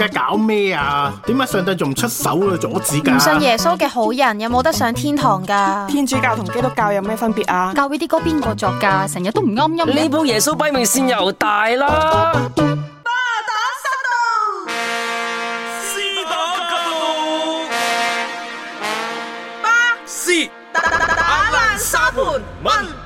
而家搞咩啊？點解上帝仲唔出手去阻止噶？唔信耶穌嘅好人有冇得上天堂噶？天主教同基督教有咩分別啊？教會啲歌邊個作噶？成日都唔啱音。呢部耶穌擺明線又大啦。巴打沙道，施寶教，八是打爛沙盤。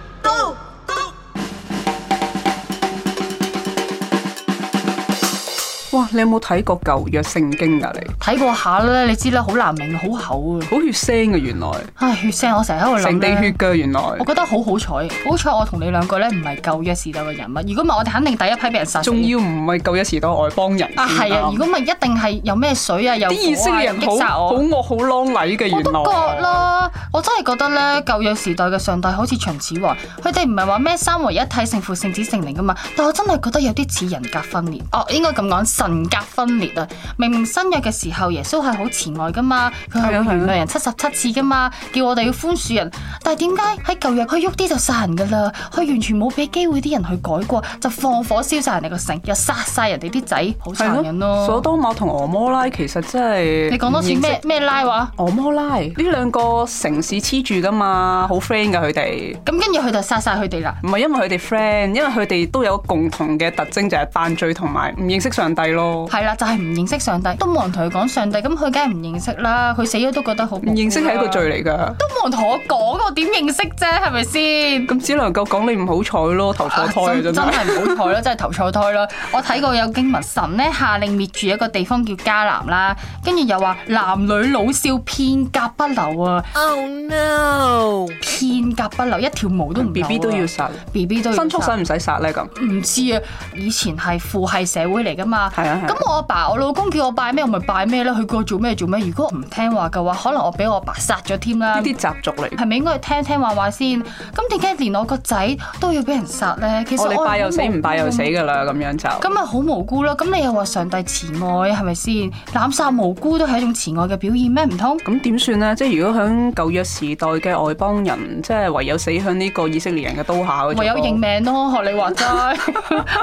你有冇睇過舊約聖經㗎？你睇過下咧，你知咧，好難明，好厚啊，好血腥嘅原來。唉，血腥，我成日喺度諗成地血嘅原來。我覺得好好彩，好彩我同你兩個咧，唔係舊約時代嘅人物。如果唔係，我哋肯定第一批俾人殺。仲要唔係舊約時代外邦人啊？係啊，如果唔係一定係有咩水啊，有啲異色嘅人擊殺我，好惡好狼戾嘅原來。我都覺啦，我真係覺得咧，舊約時代嘅上帝好似秦始皇，佢哋唔係話咩三位一體，聖父、聖子、聖靈㗎嘛。但我真係覺得有啲似人格分裂，哦，應該咁講神。人格分裂啊！明明新約嘅時候，耶穌係好慈愛噶嘛，佢係原諒人七十七次噶嘛，叫我哋要寬恕人。但係點解喺舊約佢喐啲就殺人噶啦？佢完全冇俾機會啲人去改過，就放火燒晒人哋個城，又殺晒人哋啲仔，好殘忍咯、啊。所多瑪同俄摩拉其實真係你講多次咩咩拉話？俄摩拉呢兩個城市黐住噶嘛，好 friend 噶佢哋。咁跟住佢就殺晒佢哋啦。唔係因為佢哋 friend，因為佢哋都有共同嘅特徵，就係犯罪同埋唔認識上帝咯。係啦，就係、是、唔認識上帝，都冇人同佢講上帝，咁佢梗係唔認識啦。佢死咗都覺得好唔、啊、認識係一個罪嚟噶，都冇人同我講，我點認識啫？係咪先？咁只能夠講你唔好彩咯，投錯胎，真真係唔好彩咯，真係投錯胎啦。我睇過有經文神呢，神咧下令滅住一個地方叫迦南啦，跟住又話男女老少片甲不留啊！Oh no！片甲不留，一條毛都唔，B B 都要殺，B B 都要殺，牲畜使唔使殺咧咁？唔知樣啊，以前係父系社會嚟噶嘛？係啊。咁我阿爸，爸我老公叫我拜咩我咪拜咩咧，佢叫我做咩做咩，如果唔聽話嘅話，可能我俾我阿爸殺咗添啦。呢啲習俗嚟，係咪應該聽聽話話先？咁點解連我個仔都要俾人殺咧？其實、哦、你拜又死唔拜又死噶啦，咁樣就咁咪好無辜咯？咁你又話上帝慈愛係咪先？濫殺無辜都係一種慈愛嘅表現咩？唔通咁點算呢？即係如果響舊約時代嘅外邦人，即係唯有死響呢個以色列人嘅刀下，唯有認命咯，學你話齋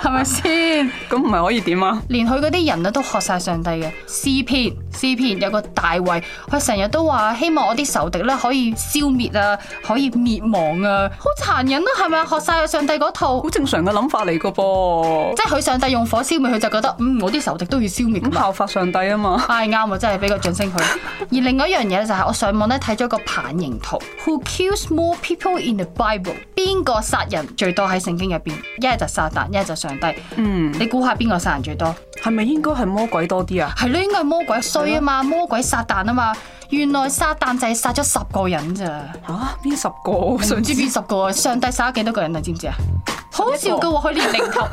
係咪先？咁唔係可以點啊？連佢啲人咧都學晒上帝嘅 c 篇，詩篇有個大衛，佢成日都話希望我啲仇敵咧可以消滅啊，可以滅亡啊，好殘忍啊，係咪啊？學晒上帝嗰套，好正常嘅諗法嚟噶噃，即係佢上帝用火消滅，佢就覺得嗯，我啲仇敵都要消滅，咁爆法上帝啊嘛，太啱啊，真係俾個掌升佢。而另外一樣嘢就係我上網咧睇咗個餅形圖，Who kills more people in the Bible？邊個殺人最多喺聖經入邊？一係就撒旦，一係就上帝。嗯，你估下邊個殺人最多？係咪應該係魔鬼多啲啊？係咯， 應該係魔鬼衰啊嘛，了魔鬼撒旦啊嘛。原來撒旦就係殺咗十個人咋。吓、啊，邊十個？上知邊十、嗯、個？上帝殺咗幾多個人啊？知唔知啊？好笑噶喎！佢連零頭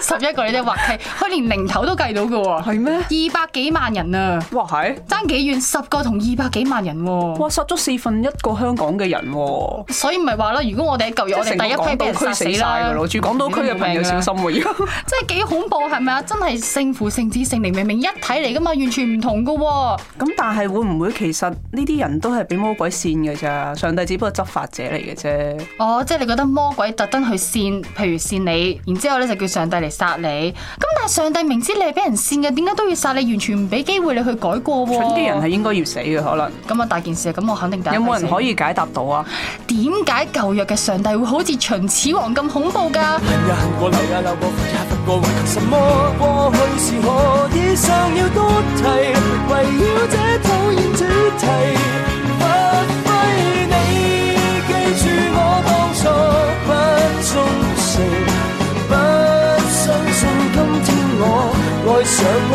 十一個你都話係，佢連零頭都計到噶喎。係咩？二百幾萬人啊！哇！係爭幾遠？十個同二百幾萬人喎！哇！殺咗四分一個香港嘅人喎！所以唔係話啦，如果我哋喺舊約，我哋第一批都被殺死啦，咯住港島區嘅朋友小心啊！即係係幾恐怖，係咪啊？真係聖父、聖子、聖靈，明明一體嚟噶嘛，完全唔同噶喎。咁但係會唔會其實呢啲人都係俾魔鬼扇嘅咋？上帝只不過執法者嚟嘅啫。哦，即係你覺得魔鬼特登去扇？譬如扇你，然之後咧就叫上帝嚟殺你。咁但係上帝明知你係俾人扇嘅，點解都要殺你？完全唔俾機會你去改過喎。蠢啲人係應該要死嘅可能。咁啊大件事啊，咁我肯定第一。有冇人可以解答到啊？點解舊約嘅上帝會好似秦始皇咁恐怖㗎？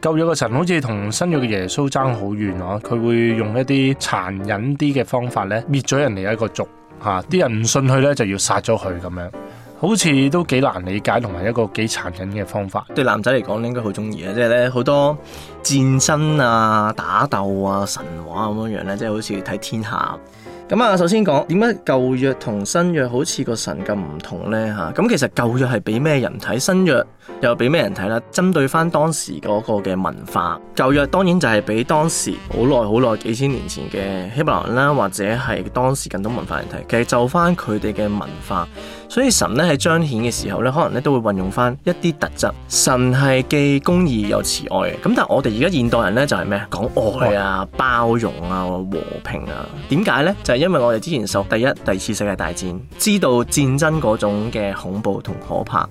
救咗個神，好似同新約嘅耶穌爭好遠啊。佢會用一啲殘忍啲嘅方法咧，滅咗人哋一個族吓，啲人唔信佢咧就要殺咗佢咁樣，好似都幾難理解同埋一個幾殘忍嘅方法。對男仔嚟講，應該好中意啊！即係咧好多戰爭啊、打鬥啊、神話咁樣樣咧，即係好似睇天下。咁啊，首先講點解舊約同新約好似個神咁唔同呢？嚇？咁其實舊約係俾咩人睇，新約又俾咩人睇啦？針對翻當時嗰個嘅文化，舊約當然就係俾當時好耐好耐幾千年前嘅希伯來人啦，或者係當時近東文化人睇，其實就翻佢哋嘅文化。所以神咧喺彰顯嘅時候咧，可能咧都會運用返一啲特質。神係既公義又慈愛嘅。咁但係我哋而家現代人咧就係咩啊？講愛啊、包容啊、和平啊。點解呢？就係、是、因為我哋之前受第一、第二次世界大戰，知道戰爭嗰種嘅恐怖同可怕。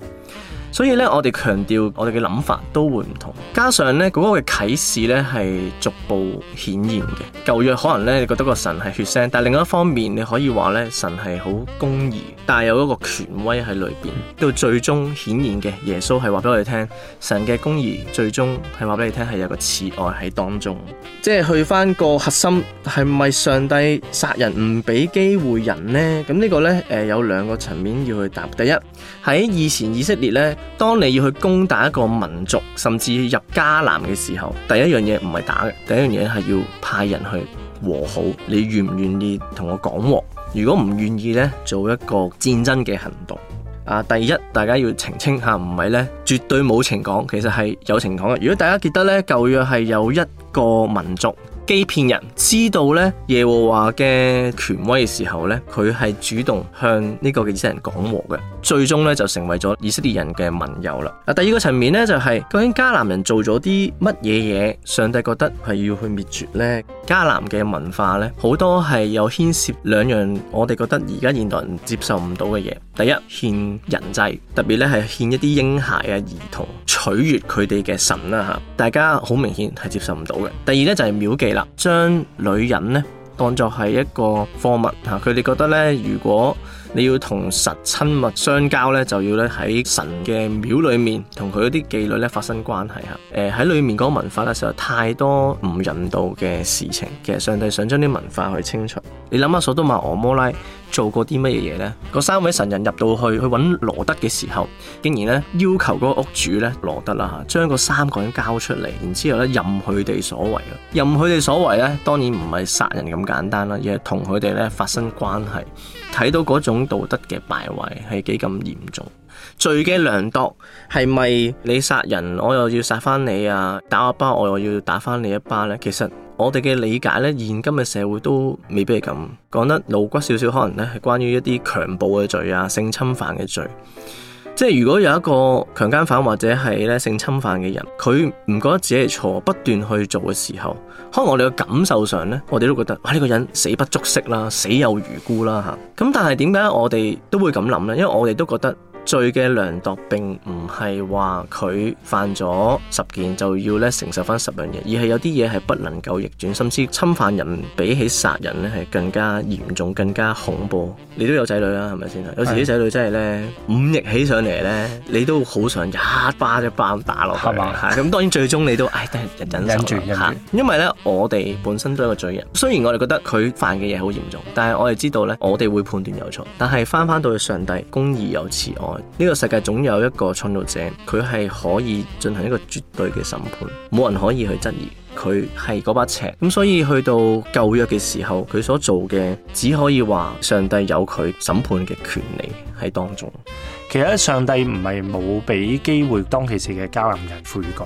所以咧，我哋強調我哋嘅諗法都會唔同。加上咧，嗰個嘅啟示咧係逐步顯現嘅。舊約可能咧，你覺得個神係血腥，但係另一方面，你可以話咧神係好公義，但有嗰個權威喺裏邊。到最終顯現嘅耶穌係話俾我哋聽，神嘅公義最終係話俾你聽係有個慈愛喺當中。即係去翻個核心係咪上帝殺人唔俾機會人呢？咁呢個咧，呃，誒有兩個層面要去答。第一喺以前以色列咧。當你要去攻打一個民族，甚至入迦南嘅時候，第一樣嘢唔係打嘅，第一樣嘢係要派人去和好。你願唔願意同我講和？如果唔願意呢，做一個戰爭嘅行動。啊，第一大家要澄清下，唔係呢，絕對冇情講，其實係有情講嘅。如果大家記得呢，舊約係有一個民族欺騙人，知道呢耶和華嘅權威嘅時候呢，佢係主動向呢個嘅人講和嘅。最終咧，就成為咗以色列人嘅盟友啦。啊，第二個層面呢，就係、是、究竟迦南人做咗啲乜嘢嘢，上帝覺得係要去滅絕呢？迦南嘅文化呢，好多係有牽涉兩樣，我哋覺得而家現代人接受唔到嘅嘢。第一，獻人祭，特別咧係獻一啲嬰孩啊、兒童，取悦佢哋嘅神啦吓。大家好明顯係接受唔到嘅。第二呢，就係廟妓啦，將女人呢當作係一個貨物吓，佢哋覺得呢，如果。你要同神親密相交呢，就要咧喺神嘅廟裏面同佢嗰啲妓女咧發生關係嚇。誒，喺裏面嗰個文化咧實在太多唔人道嘅事情，其實上帝想將啲文化去清除。你諗下，所多瑪、蛾摩拉做過啲乜嘢嘢咧？嗰三位神人入到去去揾羅德嘅時候，竟然咧要求嗰個屋主咧羅德啦嚇，將個三個人交出嚟，然之後咧任佢哋所為，任佢哋所為咧，當然唔係殺人咁簡單啦，而係同佢哋咧發生關係，睇到嗰種。道德嘅敗壞係幾咁嚴重？罪嘅量度係咪你殺人，我又要殺翻你啊？打一巴，我又要打翻你一巴呢？其實我哋嘅理解呢，現今嘅社會都未必係咁。講得露骨少少，可能呢係關於一啲強暴嘅罪啊、性侵犯嘅罪。即係如果有一個強姦犯或者係咧性侵犯嘅人，佢唔覺得自己係錯，不斷去做嘅時候，可能我哋嘅感受上咧，我哋都覺得啊呢個人死不足惜啦，死有餘辜啦吓。咁但係點解我哋都會咁諗咧？因為我哋都覺得。罪嘅量度並唔係話佢犯咗十件就要咧承受翻十樣嘢，而係有啲嘢係不能夠逆轉。甚至侵犯人比起殺人咧係更加嚴重、更加恐怖。你都有仔女啦，啊，係咪先？有時啲仔女真係咧五逆起上嚟咧，你都好想一巴一巴咁打落去。咁吧當然最終你都唉忍忍住，忍住。因為咧，我哋本身都係一個罪人。雖然我哋覺得佢犯嘅嘢好嚴重，但係我哋知道咧，我哋會判斷有錯。但係翻翻到去上帝公義有慈愛。呢個世界總有一個創造者，佢係可以進行一個絕對嘅審判，冇人可以去質疑佢係嗰把尺。咁所以去到舊約嘅時候，佢所做嘅，只可以話上帝有佢審判嘅權利喺當中。其實上帝唔係冇俾機會當其時嘅迦南人悔改，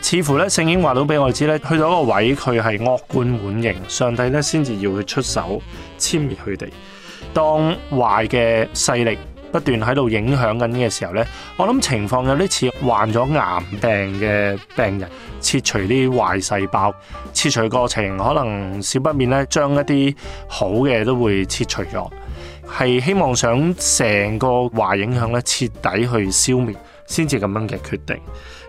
似乎咧聖經，話到俾我知咧，去到一個位佢係惡貫滿盈，上帝咧先至要去出手殲滅佢哋，當壞嘅勢力不斷喺度影響緊嘅時候呢，我諗情況有啲似患咗癌病嘅病人，切除啲壞細胞，切除過程可能少不免呢將一啲好嘅都會切除咗，係希望想成個壞影響呢徹底去消滅。先至咁樣嘅決定。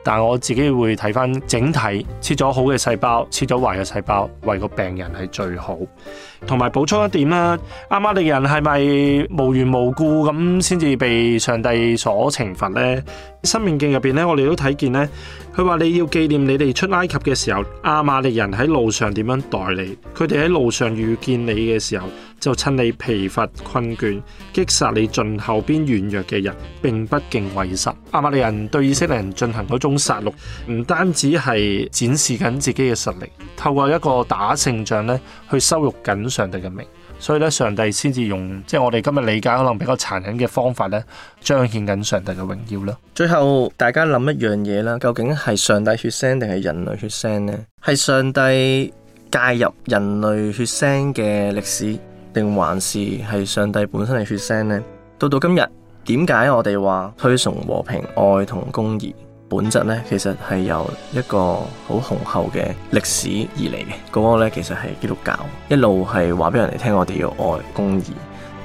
但我自己會睇返整體，切咗好嘅細胞，切咗壞嘅細胞，為個病人係最好。同埋補充一點啦，亞瑪力人係咪無緣無故咁先至被上帝所懲罰呢？申命記入邊咧，我哋都睇見呢，佢話你要紀念你哋出埃及嘅時候，亞瑪力人喺路上點樣待你？佢哋喺路上遇見你嘅時候，就趁你疲乏困倦，擊殺你盡後邊軟弱嘅人，並不敬畏神。阿麥。 人對以色列人進行嗰種殺戮，唔單止係展示緊自己嘅實力，透過一個打勝仗咧，去羞辱緊上帝嘅名，所以呢，上帝先至用，即係我哋今日理解可能比較殘忍嘅方法呢，彰顯緊上帝嘅榮耀啦。最後大家諗一樣嘢啦，究竟係上帝血腥定係人類血腥呢？係上帝介入人類血腥嘅歷史，定還是係上帝本身係血腥呢？到到今日。點解我哋話推崇和平、愛同公義本質呢，其實係由一個好雄厚嘅歷史而嚟嘅。嗰個呢其實係基督教一路係話俾人哋聽，我哋要愛公義，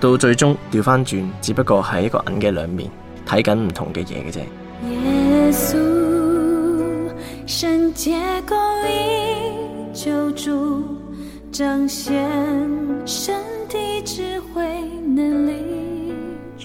到最終調返轉，只不過係一個銀嘅兩面，睇緊唔同嘅嘢嘅啫。耶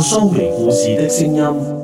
蘇眉故事的聲音。